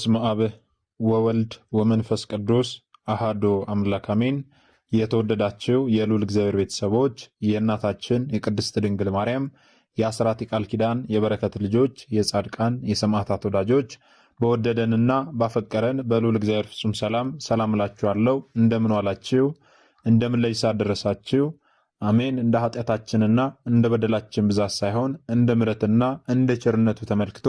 በስመ አብ ወወልድ ወመንፈስ ቅዱስ አሃዶ አምላክ አሜን። የተወደዳችሁ የሉል እግዚአብሔር ቤተሰቦች የእናታችን የቅድስት ድንግል ማርያም የአስራት የቃል ኪዳን የበረከት ልጆች የጻድቃን የሰማዕታት ወዳጆች በወደደንና ባፈቀረን በሉል እግዚአብሔር ፍጹም ሰላም ሰላም እላችኋለሁ። እንደምን ዋላችሁ? እንደምን ለይሳ ደረሳችሁ? አሜን። እንደ ኃጢአታችንና እንደ በደላችን ብዛት ሳይሆን እንደ ምረትና እንደ ቸርነቱ ተመልክቶ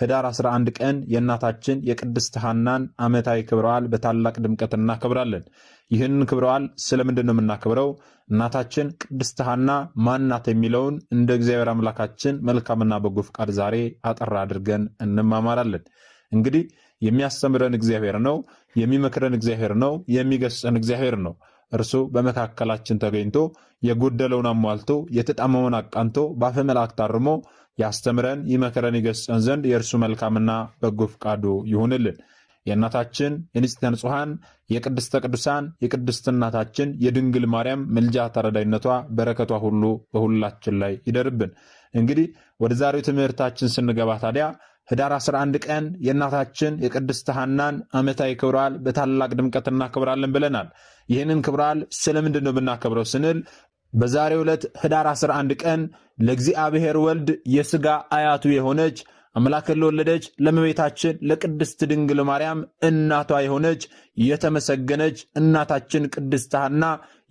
ህዳር 11 ቀን የእናታችን የቅድስት ሐናን ዓመታዊ ክብረ በዓል በታላቅ ድምቀት እናከብራለን። ይህን ክብረ በዓል ስለምንድን ነው የምናከብረው? እናታችን ቅድስት ሐና ማናት የሚለውን እንደ እግዚአብሔር አምላካችን መልካምና በጎ ፍቃድ ዛሬ አጠር አድርገን እንማማራለን። እንግዲህ የሚያስተምረን እግዚአብሔር ነው፣ የሚመክረን እግዚአብሔር ነው፣ የሚገስጸን እግዚአብሔር ነው። እርሱ በመካከላችን ተገኝቶ የጎደለውን አሟልቶ የተጣመመውን አቃንቶ በአፈ መላእክት አርሞ ያስተምረን ይመክረን ይገስጸን ዘንድ የእርሱ መልካምና በጎ ፍቃዱ ይሁንልን። የእናታችን የንጽሕተ ንጹሐን የቅድስተ ቅዱሳን የቅድስት እናታችን የድንግል ማርያም ምልጃ ተረዳይነቷ በረከቷ ሁሉ በሁላችን ላይ ይደርብን። እንግዲህ ወደ ዛሬው ትምህርታችን ስንገባ ታዲያ ህዳር 11 ቀን የእናታችን የቅድስት ሐናን ዓመታዊ ክብረ በታላቅ ድምቀት እናከብራለን ብለናል። ይህንን ክብረ ስለምንድን ነው ብናከብረው ስንል በዛሬ ዕለት ህዳር 11 ቀን ለእግዚአብሔር ወልድ የሥጋ አያቱ የሆነች አምላክን ለወለደች ለመቤታችን ለቅድስት ድንግል ማርያም እናቷ የሆነች የተመሰገነች እናታችን ቅድስት ሐና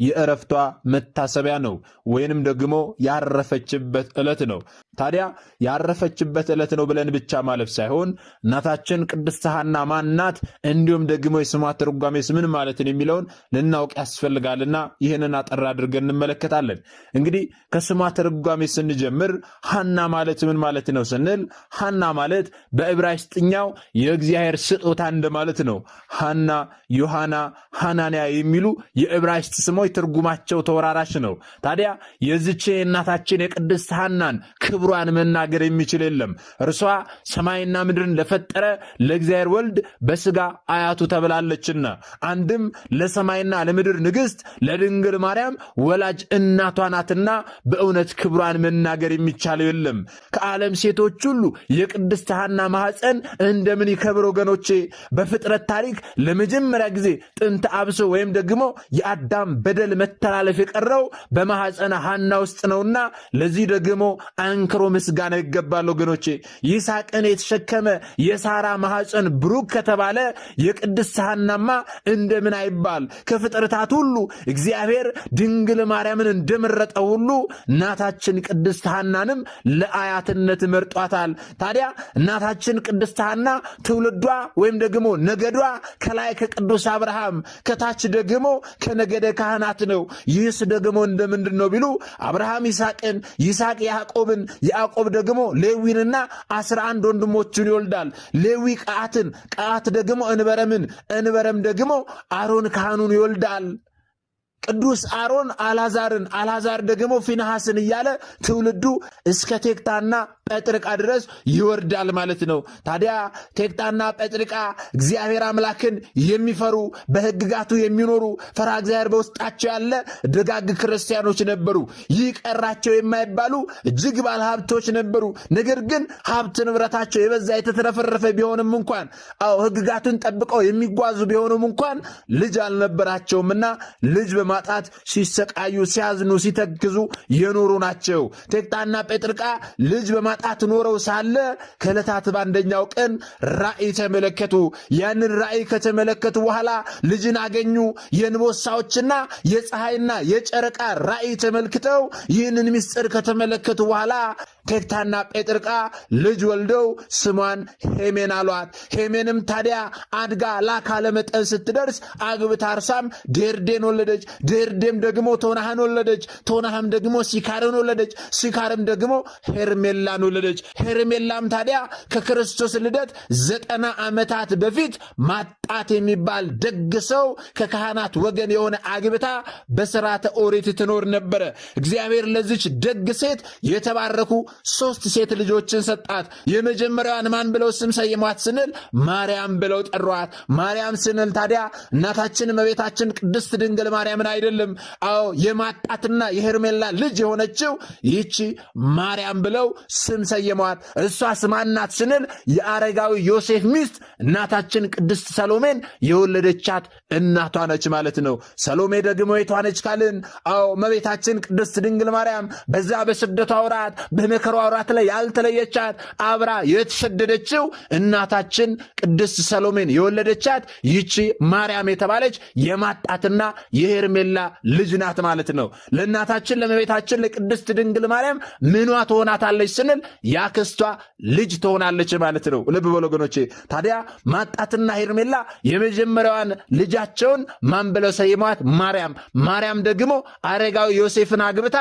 የእረፍቷ መታሰቢያ ነው፣ ወይንም ደግሞ ያረፈችበት ዕለት ነው። ታዲያ ያረፈችበት ዕለት ነው ብለን ብቻ ማለፍ ሳይሆን እናታችን ቅድስት ሐና ማናት፣ እንዲሁም ደግሞ የስሟ ትርጓሜ ምን ማለትን የሚለውን ልናውቅ ያስፈልጋልና ይህንን አጠር አድርገን እንመለከታለን። እንግዲህ ከስሟ ትርጓሜ ስንጀምር ሐና ማለት ምን ማለት ነው ስንል ሐና ማለት በዕብራይስጥኛው የእግዚአብሔር ስጦታ እንደማለት ነው። ሐና፣ ዮሐና፣ ሐናንያ የሚሉ የዕብራይስጥ ስሞች ትርጉማቸው ተወራራሽ ነው። ታዲያ የዚች የእናታችን የቅድስት ሐናን ክብ ክብሯን መናገር የሚችል የለም። እርሷ ሰማይና ምድርን ለፈጠረ ለእግዚአብሔር ወልድ በስጋ አያቱ ተብላለችና አንድም ለሰማይና ለምድር ንግሥት ለድንግል ማርያም ወላጅ እናቷ ናትና በእውነት ክብሯን መናገር የሚቻለው የለም። ከዓለም ሴቶች ሁሉ የቅድስት ሐና ማኅፀን እንደምን ይከብር ወገኖቼ! በፍጥረት ታሪክ ለመጀመሪያ ጊዜ ጥንተ አብሶ ወይም ደግሞ የአዳም በደል መተላለፍ የቀረው በማኅፀነ ሐና ውስጥ ነውና ለዚህ ደግሞ አንከ ጠንክሮ ምስጋና ይገባል ወገኖቼ። ይስሐቅን የተሸከመ የሳራ ማኅፀን ብሩክ ከተባለ የቅድስት ሐናማ እንደምን አይባል? ከፍጥረታት ሁሉ እግዚአብሔር ድንግል ማርያምን እንደመረጠ ሁሉ እናታችን ቅድስት ሐናንም ለአያትነት መርጧታል። ታዲያ እናታችን ቅድስት ሐና ትውልዷ ወይም ደግሞ ነገዷ ከላይ ከቅዱስ አብርሃም ከታች ደግሞ ከነገደ ካህናት ነው። ይህስ ደግሞ እንደምንድን ነው ቢሉ አብርሃም ይስሐቅን፣ ይስሐቅ ያዕቆብን፣ ያዕቆብ ደግሞ ሌዊንና አስራ አንድ ወንድሞችን ይወልዳል። ሌዊ ቀዓትን፣ ቀዓት ደግሞ እንበረምን፣ እንበረም ደግሞ አሮን ካህኑን ይወልዳል። ቅዱስ አሮን አላዛርን፣ አላዛር ደግሞ ፊንሐስን እያለ ትውልዱ እስከ ቴክታና ጴጥርቃ ድረስ ይወርዳል ማለት ነው። ታዲያ ቴክጣና ጴጥርቃ እግዚአብሔር አምላክን የሚፈሩ በሕግጋቱ የሚኖሩ ፈራ እግዚአብሔር በውስጣቸው ያለ ደጋግ ክርስቲያኖች ነበሩ። ይህ ቀራቸው የማይባሉ እጅግ ባለ ሀብቶች ነበሩ። ነገር ግን ሀብት ንብረታቸው የበዛ የተትረፈረፈ ቢሆንም እንኳን አዎ ሕግጋቱን ጠብቀው የሚጓዙ ቢሆንም እንኳን ልጅ አልነበራቸውምና ልጅ በማጣት ሲሰቃዩ፣ ሲያዝኑ፣ ሲተግዙ የኖሩ ናቸው። ቴክጣና ጴጥርቃ ልጅ በማ ዓመታት ኖረው ሳለ ከዕለታት በአንደኛው ቀን ራእይ ተመለከቱ። ያንን ራእይ ከተመለከቱ በኋላ ልጅን አገኙ። የንቦሳዎችና የፀሐይና የጨረቃ ራእይ ተመልክተው ይህንን ምስጢር ከተመለከቱ በኋላ ቴክታና ጴጥርቃ ልጅ ወልደው ስሟን ሄሜን አሏት። ሄሜንም ታዲያ አድጋ ለአካለ መጠን ስትደርስ አግብታ አርሳም ድርዴን ወለደች። ድርዴም ደግሞ ቶናህን ወለደች። ቶናህም ደግሞ ሲካርን ወለደች። ሲካርም ደግሞ ሄርሜላን ወለደች። ሄርሜላም ታዲያ ከክርስቶስ ልደት ዘጠና ዓመታት በፊት ማጣት የሚባል ደግ ሰው ከካህናት ወገን የሆነ አግብታ በስርዓተ ኦሪት ትኖር ነበረ። እግዚአብሔር ለዚች ደግ ሴት የተባረኩ ሶስት ሴት ልጆችን ሰጣት። የመጀመሪያዋን ማን ብለው ስም ሰይሟት ስንል ማርያም ብለው ጠሯት። ማርያም ስንል ታዲያ እናታችን እመቤታችን ቅድስት ድንግል ማርያምን አይደለም። አዎ የማጣትና የሄርሜላ ልጅ የሆነችው ይቺ ማርያም ብለው ስም ሰይሟት። እሷ ስማናት ስንል የአረጋዊ ዮሴፍ ሚስት እናታችን ቅድስት ሰሎሜን የወለደቻት እናቷ ነች ማለት ነው። ሰሎሜ ደግሞ የቷ ነች ካልን፣ አዎ እመቤታችን ቅድስት ድንግል ማርያም በዛ በስደቷ ወራት በመከሯ ወራት ላይ ያልተለየቻት አብራ የተሰደደችው እናታችን ቅድስት ሰሎሜን የወለደቻት ይቺ ማርያም የተባለች የማጣትና የሄርሜላ ልጅ ናት ማለት ነው። ለእናታችን ለእመቤታችን ለቅድስት ድንግል ማርያም ምኗ ትሆናታለች ስንል ያክስቷ ልጅ ትሆናለች ማለት ነው። ልብ በል ወገኖቼ። ታዲያ ማጣትና ሄርሜላ የመጀመሪያዋን ልጃ ልጃቸውን ማን ብለው ሰይሟት? ማርያም። ማርያም ደግሞ አረጋዊ ዮሴፍን አግብታ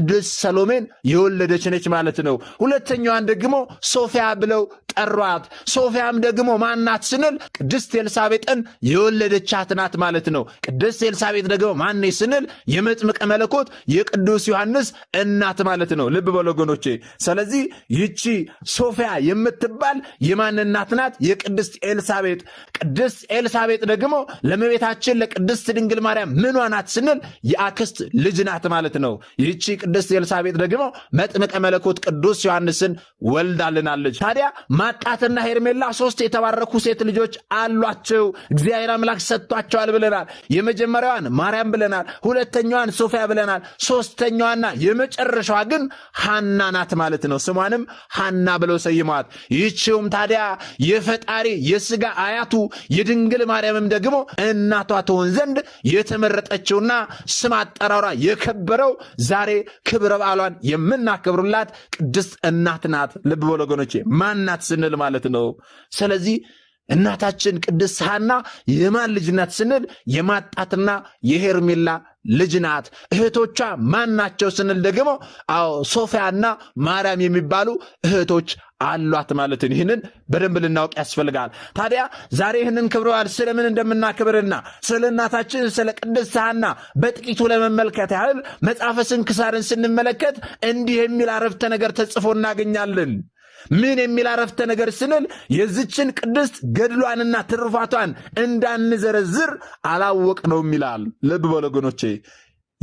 ቅድስት ሰሎሜን የወለደች ነች ማለት ነው። ሁለተኛዋን ደግሞ ሶፊያ ብለው ጠሯት። ሶፊያም ደግሞ ማናት ስንል ቅድስት ኤልሳቤጥን የወለደቻት ናት ማለት ነው። ቅድስት ኤልሳቤጥ ደግሞ ማነች ስንል የመጥምቀ መለኮት የቅዱስ ዮሐንስ እናት ማለት ነው። ልብ በሉ ወገኖቼ። ስለዚህ ይቺ ሶፊያ የምትባል የማን እናት ናት? የቅድስት ኤልሳቤጥ። ቅድስት ኤልሳቤጥ ደግሞ ለመቤታችን ለቅድስት ድንግል ማርያም ምኗ ናት ስንል የአክስት ልጅ ናት ማለት ነው። ይቺ ቅድስት ኤልሳቤጥ ደግሞ መጥምቀ መለኮት ቅዱስ ዮሐንስን ወልዳልናለች። ታዲያ ማጣትና ሄርሜላ ሶስት የተባረኩ ሴት ልጆች አሏቸው፣ እግዚአብሔር አምላክ ሰጥቷቸዋል ብለናል። የመጀመሪያዋን ማርያም ብለናል። ሁለተኛዋን ሶፊያ ብለናል። ሶስተኛዋና የመጨረሻዋ ግን ሐና ናት ማለት ነው። ስሟንም ሐና ብለው ሰይመዋት። ይህችውም ታዲያ የፈጣሪ የስጋ አያቱ የድንግል ማርያምም ደግሞ እናቷ ትሆን ዘንድ የተመረጠችውና ስም አጠራሯ የከበረው ዛሬ ክብረ በዓሏን የምናከብርላት ቅድስት እናት ናት። ልብ በሉ ወገኖቼ፣ ማናት ስንል ማለት ነው። ስለዚህ እናታችን ቅድስት ሐና የማን ልጅ ናት ስንል የማጣትና የሄርሜላ ልጅ ናት። እህቶቿ ማን ናቸው ስንል ደግሞ አዎ ሶፊያና ማርያም የሚባሉ እህቶች አሏት ማለት ነው ይህንን በደንብ ልናውቅ ያስፈልጋል። ታዲያ ዛሬ ይህንን ክብረ በዓል ስለምን እንደምናክብርና ስለ እናታችን ስለ ቅድስት ሐና በጥቂቱ ለመመልከት ያህል መጽሐፈ ስንክሳርን ስንመለከት እንዲህ የሚል አረፍተ ነገር ተጽፎ እናገኛለን። ምን የሚል አረፍተ ነገር ስንል የዚችን ቅድስት ገድሏንና ትሩፋቷን እንዳንዘረዝር አላወቅ ነው ይላል። ልብ በሉ ወገኖቼ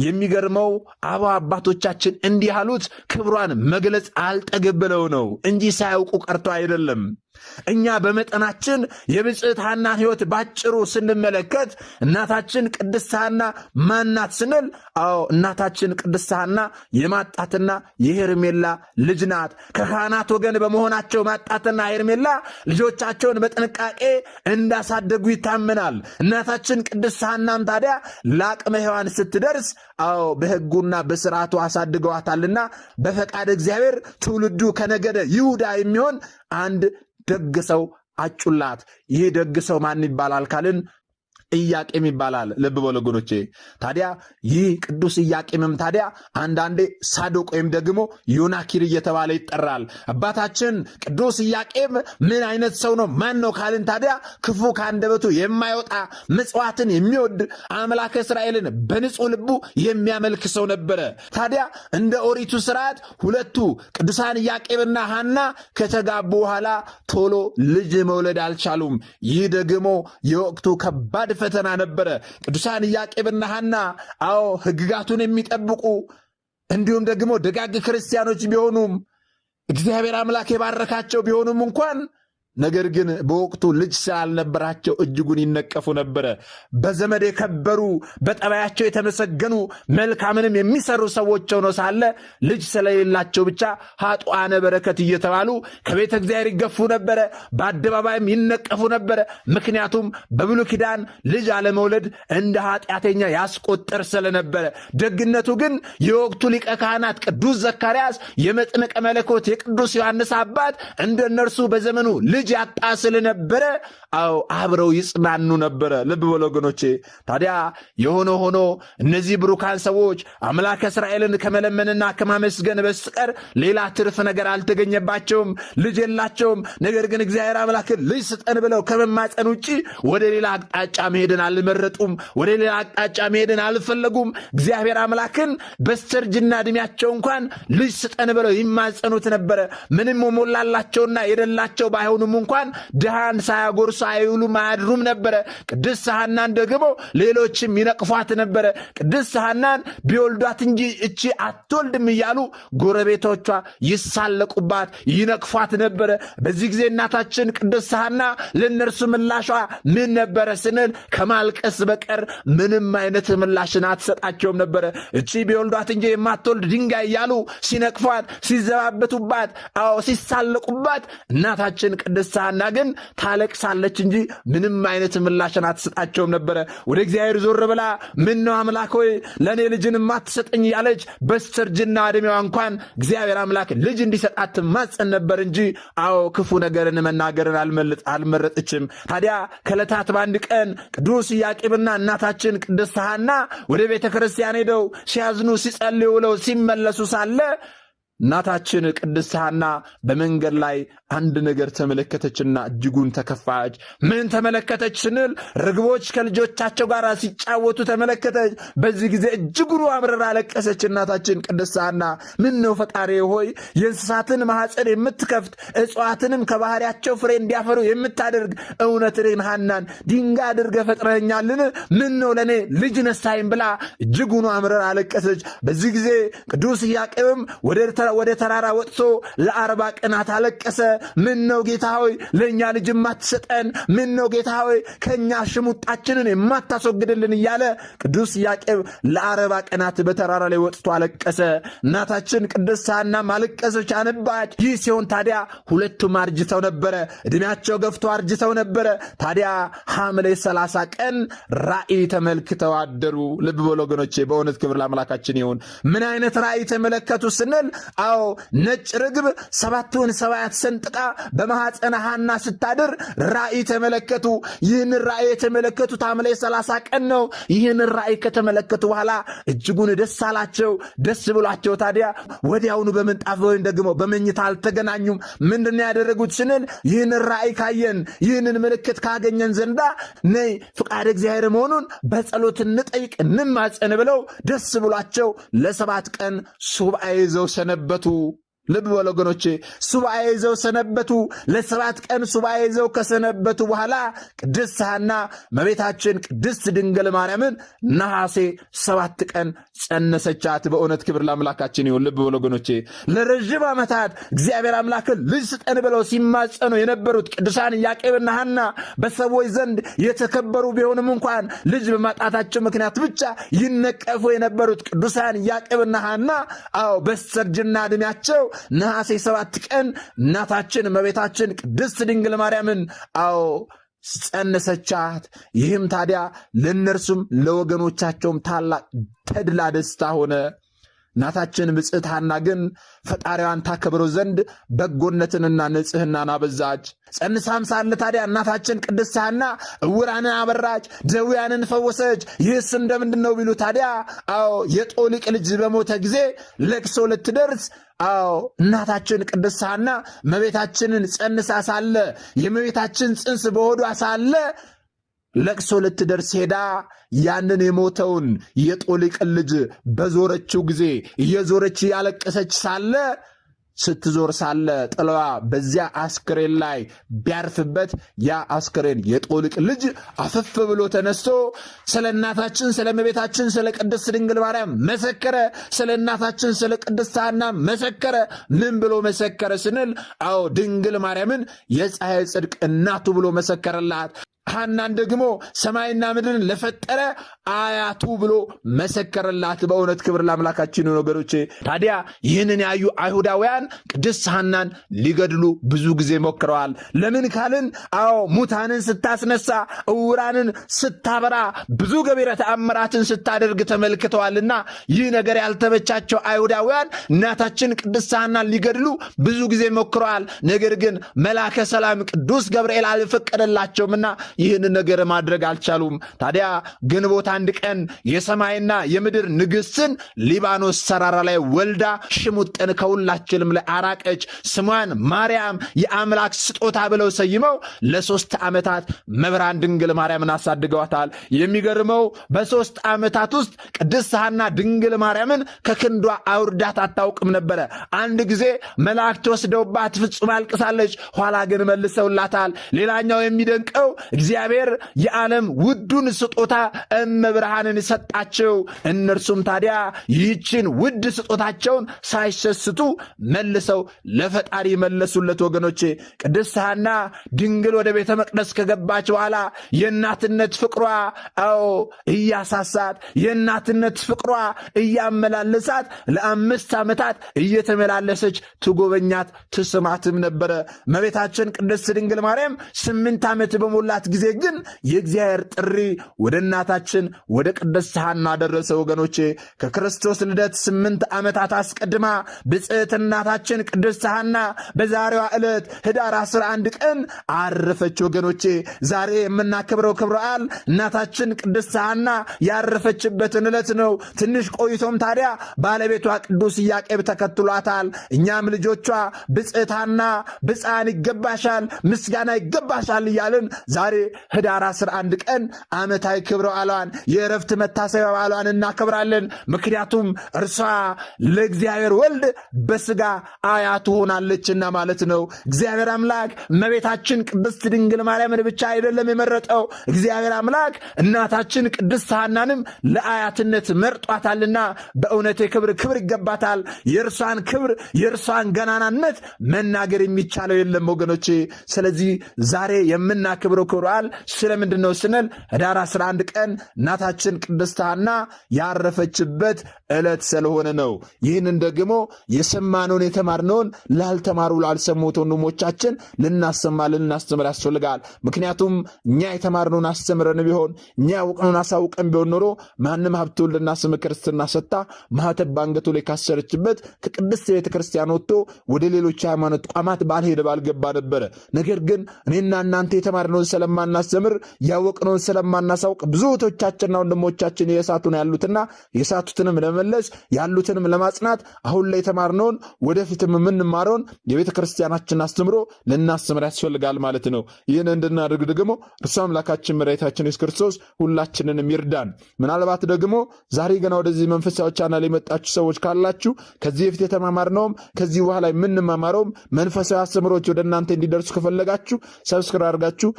የሚገርመው አባ አባቶቻችን እንዲህ አሉት፣ ክብሯን መግለጽ አልጠገብ ብለው ነው እንጂ ሳያውቁ ቀርቶ አይደለም። እኛ በመጠናችን የብፅዕት ሐናን ሕይወት ባጭሩ ስንመለከት እናታችን ቅድስት ሐና ማናት ስንል፣ አዎ እናታችን ቅድስት ሐና የማጣትና የሄርሜላ ልጅ ናት። ከካህናት ወገን በመሆናቸው ማጣትና ሄርሜላ ልጆቻቸውን በጥንቃቄ እንዳሳደጉ ይታመናል። እናታችን ቅድስት ሐናም ታዲያ ለአቅመ ሔዋን ስትደርስ፣ አዎ በሕጉና በስርዓቱ አሳድገዋታልና በፈቃድ እግዚአብሔር ትውልዱ ከነገደ ይሁዳ የሚሆን አንድ ደግሰው አጩላት። ይህ ደግሰው ማን ይባላል ካልን ኢያቄም ይባላል። ልብ በሉ ወገኖቼ። ታዲያ ይህ ቅዱስ ኢያቄምም ታዲያ አንዳንዴ ሳዶቅ ወይም ደግሞ ዮናኪር እየተባለ ይጠራል። አባታችን ቅዱስ ኢያቄም ምን አይነት ሰው ነው? ማን ነው ካልን ታዲያ ክፉ ከአንደበቱ የማይወጣ ምጽዋትን የሚወድ አምላከ እስራኤልን በንጹህ ልቡ የሚያመልክ ሰው ነበረ። ታዲያ እንደ ኦሪቱ ስርዓት ሁለቱ ቅዱሳን ኢያቄምና ሐና ከተጋቡ በኋላ ቶሎ ልጅ መውለድ አልቻሉም። ይህ ደግሞ የወቅቱ ከባድ ፈተና ነበረ። ቅዱሳን ኢያቄምና ሐና አዎ ሕግጋቱን የሚጠብቁ እንዲሁም ደግሞ ደጋግ ክርስቲያኖች ቢሆኑም እግዚአብሔር አምላክ የባረካቸው ቢሆኑም እንኳን ነገር ግን በወቅቱ ልጅ ስላልነበራቸው እጅጉን ይነቀፉ ነበረ። በዘመድ የከበሩ በጠባያቸው የተመሰገኑ መልካምንም የሚሰሩ ሰዎች ሆኖ ሳለ ልጅ ስለሌላቸው ብቻ አነ በረከት እየተባሉ ከቤተ እግዚአብሔር ይገፉ ነበረ፣ በአደባባይም ይነቀፉ ነበረ። ምክንያቱም በብሉ ኪዳን ልጅ አለመውለድ እንደ ኃጢአተኛ ያስቆጠር ስለነበረ፣ ደግነቱ ግን የወቅቱ ሊቀ ካህናት ቅዱስ ዘካርያስ የመጥምቀ መለኮት የቅዱስ ዮሐንስ አባት እንደ እነርሱ በዘመኑ ልጅ ልጅ ያጣ ስለነበረ አው አብረው ይጽናኑ ነበረ። ልብ በሉ ወገኖቼ። ታዲያ የሆነ ሆኖ እነዚህ ብሩካን ሰዎች አምላክ እስራኤልን ከመለመንና ከማመስገን በስቀር ሌላ ትርፍ ነገር አልተገኘባቸውም። ልጅ የላቸውም። ነገር ግን እግዚአብሔር አምላክን ልጅ ስጠን ብለው ከመማፀን ውጭ ወደ ሌላ አቅጣጫ መሄድን አልመረጡም። ወደ ሌላ አቅጣጫ መሄድን አልፈለጉም። እግዚአብሔር አምላክን በስተርጅና እድሜያቸው እንኳን ልጅ ስጠን ብለው ይማጸኑት ነበረ። ምንም ሞላላቸውና የደላቸው ባይሆኑም እንኳን ድሃን ሳያጎርሱ አይውሉም አያድሩም ነበረ። ቅድስት ሐናን ደግሞ ሌሎችም ይነቅፏት ነበረ። ቅድስት ሐናን ቢወልዷት እንጂ እቺ አትወልድም እያሉ ጎረቤቶቿ ይሳለቁባት፣ ይነቅፏት ነበረ። በዚህ ጊዜ እናታችን ቅድስት ሐና ለእነርሱ ምላሿ ምን ነበረ ስንል ከማልቀስ በቀር ምንም አይነት ምላሽን አትሰጣቸውም ነበረ። እቺ ቢወልዷት እንጂ የማትወልድ ድንጋይ እያሉ ሲነቅፏት፣ ሲዘባበቱባት፣ አዎ ሲሳለቁባት እናታችን ቅድስት ንስሐ ግን ታለቅሳለች እንጂ ምንም አይነት ምላሽን አትሰጣቸውም ነበረ። ወደ እግዚአብሔር ዞር ብላ ምን ነው አምላክ ሆይ ለእኔ ልጅን ማትሰጠኝ እያለች በስተርጅና ዕድሜዋ እንኳን እግዚአብሔር አምላክ ልጅ እንዲሰጣት ማጸን ነበር እንጂ አዎ ክፉ ነገርን መናገርን አልመረጠችም። ታዲያ ከዕለታት በአንድ ቀን ቅዱስ ኢያቄምና እናታችን ቅድስት ሐና ወደ ቤተ ክርስቲያን ሄደው ሲያዝኑ ሲጸልዩ ውለው ሲመለሱ ሳለ እናታችን ቅድስት ሐና በመንገድ ላይ አንድ ነገር ተመለከተችና እጅጉን ተከፋች። ምን ተመለከተች ስንል ርግቦች ከልጆቻቸው ጋር ሲጫወቱ ተመለከተች። በዚህ ጊዜ እጅጉን አምርራ አለቀሰች። እናታችን ቅድስት ሐና ምን ነው ፈጣሪ ሆይ የእንስሳትን ማኅፀን የምትከፍት እጽዋትንም ከባህሪያቸው ፍሬ እንዲያፈሩ የምታደርግ እውነትን ሐናን ድንጋይ አድርገ ፈጥረኛልን? ምን ነው ለእኔ ልጅ ነሳይም ብላ እጅጉን አምርራ አለቀሰች። በዚህ ጊዜ ቅዱስ ኢያቄምም ወደ ወደ ተራራ ወጥቶ ለአርባ ቀናት አለቀሰ። ምን ነው ጌታ ሆይ ለእኛ ልጅ የማትሰጠን? ምን ነው ጌታ ሆይ ከእኛ ሽሙጣችንን የማታስወግድልን? እያለ ቅዱስ ያቄብ ለአርባ ቀናት በተራራ ላይ ወጥቶ አለቀሰ። እናታችን ቅድስት ሐናም አለቀሰች፣ አነባች። ይህ ሲሆን ታዲያ ሁለቱም አርጅተው ነበረ፣ እድሜያቸው ገፍቶ አርጅተው ነበረ። ታዲያ ሐምሌ 30 ቀን ራእይ ተመልክተው አደሩ። ልብ በሉ ወገኖቼ፣ በእውነት ክብር ለአምላካችን ይሁን። ምን አይነት ራእይ ተመለከቱ ስንል አዎ ነጭ ርግብ ሰባቱን ሰማያት ሰንጥቃ በማኅፀነ ሐና ስታድር ራእይ ተመለከቱ። ይህን ራእይ የተመለከቱት ሐምሌ ሰላሳ ቀን ነው። ይህን ራእይ ከተመለከቱ በኋላ እጅጉን ደስ አላቸው። ደስ ብሏቸው ታዲያ ወዲያውኑ በምንጣፍ ወይም ደግሞ በመኝታ አልተገናኙም። ምንድን ያደረጉት ስንል ይህን ራእይ ካየን ይህንን ምልክት ካገኘን ዘንዳ ነይ ፍቃድ እግዚአብሔር መሆኑን በጸሎት እንጠይቅ እንማፀን ብለው ደስ ብሏቸው ለሰባት ቀን ሱባኤ ይዘው ሰነበ ሊሰናበቱ ልብ በል ወገኖቼ፣ ሱባኤ ይዘው ሰነበቱ። ለሰባት ቀን ሱባኤ ይዘው ከሰነበቱ በኋላ ቅድስት ሐና መቤታችን ቅድስት ድንግል ማርያምን ነሐሴ ሰባት ቀን ጸነሰቻት። በእውነት ክብር ለአምላካችን ይሁን። ልብ በል ወገኖቼ፣ ለረዥም ዓመታት እግዚአብሔር አምላክን ልጅ ስጠን ብለው ሲማጸኑ የነበሩት ቅዱሳን ኢያቄምና ሐና በሰዎች ዘንድ የተከበሩ ቢሆንም እንኳን ልጅ በማጣታቸው ምክንያት ብቻ ይነቀፉ የነበሩት ቅዱሳን ኢያቄምና ሐና አዎ በስተርጅና ዕድሜያቸው ነሐሴ ሰባት ቀን እናታችን እመቤታችን ቅድስት ድንግል ማርያምን አዎ ጸነሰቻት። ይህም ታዲያ ለእነርሱም ለወገኖቻቸውም ታላቅ ተድላ ደስታ ሆነ። እናታችን ብፅዕት ሐና ግን ፈጣሪዋን ታከብረው ዘንድ በጎነትንና ንጽህናን አበዛች። ጸንሳም ሳለ ታዲያ እናታችን ቅድስት ሐና ዕውራንን አበራች፣ ደውያንን ፈወሰች። ይህስ እንደምንድን ነው ቢሉ ታዲያ አዎ የጦሊቅ ልጅ በሞተ ጊዜ ለቅሶ ልትደርስ አዎ እናታችን ቅድስት ሐና ፀንሳ ጸንሳ ሳለ የመቤታችን ጽንስ በሆዷ ሳለ ለቅሶ ልትደርስ ሄዳ ያንን የሞተውን የጦሊቅን ልጅ በዞረችው ጊዜ እየዞረች እያለቀሰች ሳለ ስትዞር ሳለ ጥለዋ በዚያ አስክሬን ላይ ቢያርፍበት ያ አስክሬን የጦልቅ ልጅ አፈፍ ብሎ ተነስቶ ስለ እናታችን ስለ እመቤታችን ስለ ቅድስት ድንግል ማርያም መሰከረ። ስለ እናታችን ስለ ቅድስት ሐና መሰከረ። ምን ብሎ መሰከረ ስንል፣ አዎ ድንግል ማርያምን የፀሐይ ጽድቅ እናቱ ብሎ መሰከረላት። ሐናን ደግሞ ሰማይና ምድርን ለፈጠረ አያቱ ብሎ መሰከረላት። በእውነት ክብር ለአምላካችን ወገኖቼ። ታዲያ ይህንን ያዩ አይሁዳውያን ቅድስት ሐናን ሊገድሉ ብዙ ጊዜ ሞክረዋል። ለምን ካልን፣ አዎ ሙታንን ስታስነሳ፣ እውራንን ስታበራ፣ ብዙ ገቢረ ተአምራትን ስታደርግ ተመልክተዋልና ይህ ነገር ያልተመቻቸው አይሁዳውያን እናታችን ቅድስት ሐናን ሊገድሉ ብዙ ጊዜ ሞክረዋል። ነገር ግን መላከ ሰላም ቅዱስ ገብርኤል አልፈቀደላቸውምና ይህን ነገር ማድረግ አልቻሉም። ታዲያ ግንቦት አንድ ቀን የሰማይና የምድር ንግሥትን ሊባኖስ ተራራ ላይ ወልዳ ሽሙጥን ከሁላችንም ላይ አራቀች። ስሟን ማርያም የአምላክ ስጦታ ብለው ሰይመው ለሶስት ዓመታት መብራን ድንግል ማርያምን አሳድገዋታል። የሚገርመው በሶስት ዓመታት ውስጥ ቅድስት ሐና ድንግል ማርያምን ከክንዷ አውርዳት አታውቅም ነበረ። አንድ ጊዜ መላእክት ወስደውባት ፍጹም አልቅሳለች። ኋላ ግን መልሰውላታል። ሌላኛው የሚደንቀው እግዚአብሔር የዓለም ውዱን ስጦታ እመብርሃንን ሰጣቸው። እነርሱም ታዲያ ይህችን ውድ ስጦታቸውን ሳይሰስቱ መልሰው ለፈጣሪ መለሱለት። ወገኖቼ ቅድስት ሐና ድንግል ወደ ቤተ መቅደስ ከገባች በኋላ የእናትነት ፍቅሯ አዎ እያሳሳት የእናትነት ፍቅሯ እያመላለሳት ለአምስት ዓመታት እየተመላለሰች ትጎበኛት ትስማትም ነበረ። እመቤታችን ቅድስት ድንግል ማርያም ስምንት ዓመት በሞላት ጊዜ ግን የእግዚአብሔር ጥሪ ወደ እናታችን ወደ ቅድስት ሐና ደረሰ። ወገኖቼ ከክርስቶስ ልደት ስምንት ዓመታት አስቀድማ ብፅዕት እናታችን ቅድስት ሐና በዛሬዋ ዕለት ህዳር 11 ቀን አረፈች። ወገኖቼ ዛሬ የምናከብረው ክብረ በዓል እናታችን ቅድስት ሐና ያረፈችበትን ዕለት ነው። ትንሽ ቆይቶም ታዲያ ባለቤቷ ቅዱስ ኢያቄም ተከትሏታል። እኛም ልጆቿ ብፅዕት ሐና ብፅዓን ይገባሻል፣ ምስጋና ይገባሻል እያልን ዛሬ ህዳር 11 ቀን ዓመታዊ ክብረ በዓሏን የእረፍት መታሰቢያ በዓሏን እናከብራለን። ምክንያቱም እርሷ ለእግዚአብሔር ወልድ በስጋ አያቱ ሆናለችና ማለት ነው። እግዚአብሔር አምላክ መቤታችን ቅድስት ድንግል ማርያምን ብቻ አይደለም የመረጠው። እግዚአብሔር አምላክ እናታችን ቅድስት ሐናንም ለአያትነት መርጧታልና በእውነት የክብር ክብር ይገባታል። የእርሷን ክብር የእርሷን ገናናነት መናገር የሚቻለው የለም ወገኖቼ። ስለዚህ ዛሬ የምናክብረው ክብረ ቁርአን ስለምንድን ነው ስንል ህዳር 11 ቀን እናታችን ቅድስት ሐና ያረፈችበት ዕለት ስለሆነ ነው። ይህንን ደግሞ የሰማነውን የተማርነውን ላልተማሩ ላልሰሙት ወንድሞቻችን ልናሰማ ልናስተምር ያስፈልጋል። ምክንያቱም እኛ የተማርነውን አስተምረን ቢሆን እኛ ያውቅነውን አሳውቀን ቢሆን ኖሮ ማንም ሀብተ ወልድና ስመ ክርስትና ሰጥታ ማህተብ ባንገቱ ላይ ካሰረችበት ከቅድስት ቤተ ክርስቲያን ወጥቶ ወደ ሌሎች ሃይማኖት ተቋማት ባልሄደ ባልገባ ነበረ። ነገር ግን እኔና እናንተ የተማርነውን ሰለማ ስለማናስተምር ያወቅነውን ስለማናሳውቅ ብዙ እህቶቻችንና ወንድሞቻችን የሳቱን ያሉትና የእሳቱትንም ለመመለስ ያሉትንም ለማጽናት አሁን ላይ የተማርነውን ወደፊትም የምንማረውን የቤተ ክርስቲያናችን አስተምሮ ልናስተምር ያስፈልጋል ማለት ነው። ይህን እንድናደርግ ደግሞ እርሱ አምላካችን መድኃኒታችን ኢየሱስ ክርስቶስ ሁላችንንም ይርዳን። ምናልባት ደግሞ ዛሬ ገና ወደዚህ መንፈሳዊ ቻናል የመጣችሁ ሰዎች ካላችሁ ከዚህ በፊት የተማማርነውም ከዚህ በኋላ የምንማማረውም መንፈሳዊ አስተምሮች ወደ እናንተ እንዲደርሱ ከፈለጋችሁ ሰብስክራ አድርጋችሁ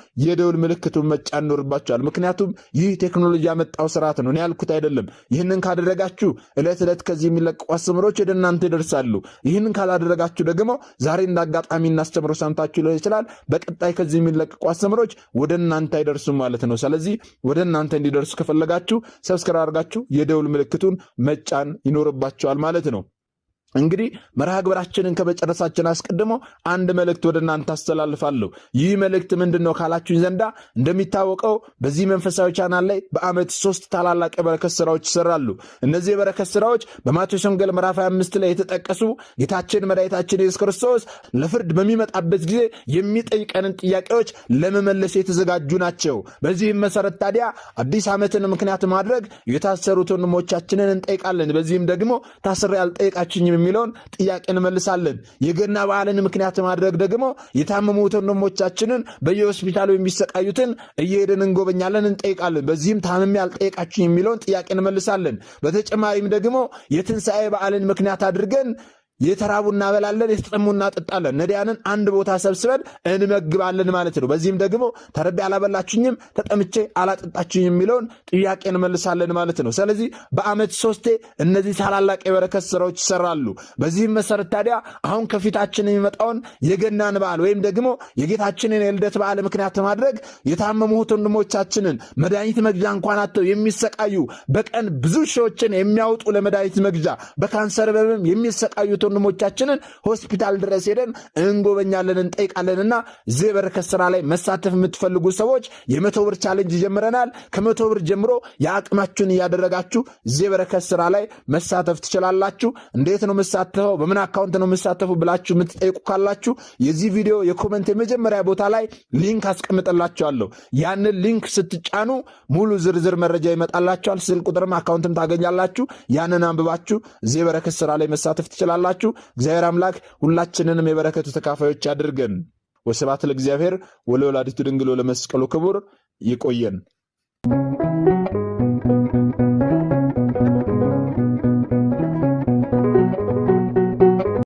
የልዑል ምልክቱን መጫን ይኖርባቸዋል። ምክንያቱም ይህ ቴክኖሎጂ ያመጣው ስርዓት ነው፣ እኔ ያልኩት አይደለም። ይህንን ካደረጋችሁ እለት ዕለት ከዚህ የሚለቀቁ አስተምሮች ወደ እናንተ ይደርሳሉ። ይህንን ካላደረጋችሁ ደግሞ ዛሬ እንደ አጋጣሚ እናስተምሮ ሰምታችሁ ሊሆን ይችላል፣ በቀጣይ ከዚህ የሚለቀቁ አስተምሮች ወደ እናንተ አይደርሱም ማለት ነው። ስለዚህ ወደ እናንተ እንዲደርሱ ከፈለጋችሁ ሰብስክራ አድርጋችሁ የደውል ምልክቱን መጫን ይኖርባቸዋል ማለት ነው። እንግዲህ መርሃ ግብራችንን ከመጨረሳችን አስቀድሞ አንድ መልእክት ወደ እናንተ አስተላልፋለሁ። ይህ መልእክት ምንድን ነው ካላችሁኝ ዘንዳ እንደሚታወቀው በዚህ መንፈሳዊ ቻናል ላይ በዓመት ሶስት ታላላቅ የበረከት ስራዎች ይሰራሉ። እነዚህ የበረከት ስራዎች በማቴዎስ ወንጌል ምዕራፍ 25 ላይ የተጠቀሱ ጌታችን መድኃኒታችን ኢየሱስ ክርስቶስ ለፍርድ በሚመጣበት ጊዜ የሚጠይቀንን ጥያቄዎች ለመመለስ የተዘጋጁ ናቸው። በዚህም መሰረት ታዲያ አዲስ ዓመትን ምክንያት ማድረግ የታሰሩት ወንድሞቻችንን እንጠይቃለን። በዚህም ደግሞ ታስሬ አልጠይቃችኝም የሚለውን ጥያቄ እንመልሳለን። የገና በዓልን ምክንያት ማድረግ ደግሞ የታመሙትን ወንድሞቻችንን በየሆስፒታሉ የሚሰቃዩትን እየሄደን እንጎበኛለን፣ እንጠይቃለን። በዚህም ታምሜ አልጠየቃችሁ የሚለውን ጥያቄ እንመልሳለን። በተጨማሪም ደግሞ የትንሣኤ በዓልን ምክንያት አድርገን የተራቡ እናበላለን፣ የተጠሙ እናጠጣለን፣ ነዳያንን አንድ ቦታ ሰብስበን እንመግባለን ማለት ነው። በዚህም ደግሞ ተርቤ አላበላችሁኝም፣ ተጠምቼ አላጠጣችሁኝም የሚለውን ጥያቄ እንመልሳለን ማለት ነው። ስለዚህ በዓመት ሶስቴ እነዚህ ታላላቅ የበረከት ስራዎች ይሰራሉ። በዚህም መሰረት ታዲያ አሁን ከፊታችን የሚመጣውን የገናን በዓል ወይም ደግሞ የጌታችንን የልደት በዓል ምክንያት ማድረግ የታመሙት ወንድሞቻችንን መድኃኒት መግዣ እንኳን አተው የሚሰቃዩ በቀን ብዙ ሺዎችን የሚያወጡ ለመድኃኒት መግዣ በካንሰር በምም የሚሰቃዩት ወንድሞቻችንን ሆስፒታል ድረስ ሄደን እንጎበኛለን፣ እንጠይቃለንና እዚህ የበረከት ስራ ላይ መሳተፍ የምትፈልጉ ሰዎች የመቶ ብር ቻለንጅ ጀምረናል። ከመቶ ብር ጀምሮ የአቅማችሁን እያደረጋችሁ እዚህ የበረከት ስራ ላይ መሳተፍ ትችላላችሁ። እንዴት ነው የምሳተፈው? በምን አካውንት ነው የምሳተፈው ብላችሁ የምትጠይቁ ካላችሁ የዚህ ቪዲዮ የኮመንት የመጀመሪያ ቦታ ላይ ሊንክ አስቀምጠላችኋለሁ። ያንን ሊንክ ስትጫኑ ሙሉ ዝርዝር መረጃ ይመጣላችኋል። ስልክ ቁጥርም አካውንትም ታገኛላችሁ። ያንን አንብባችሁ እዚህ የበረከት ስራ ላይ መሳተፍ ትችላላችሁ። ያደረጋችሁ እግዚአብሔር አምላክ ሁላችንንም የበረከቱ ተካፋዮች አድርገን ወስብሐት ለእግዚአብሔር ወለወላዲቱ ድንግል ለመስቀሉ ክቡር። ይቆየን።